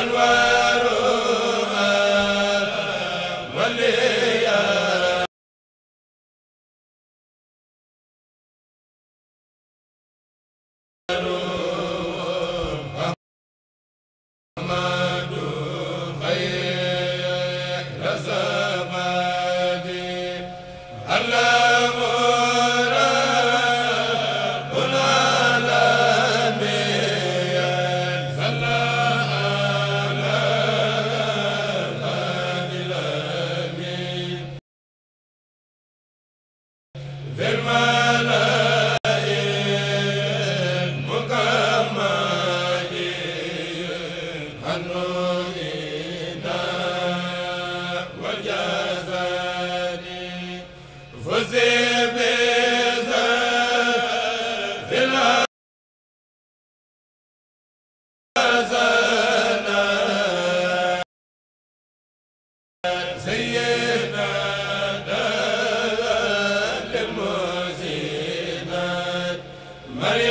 Anwar Maria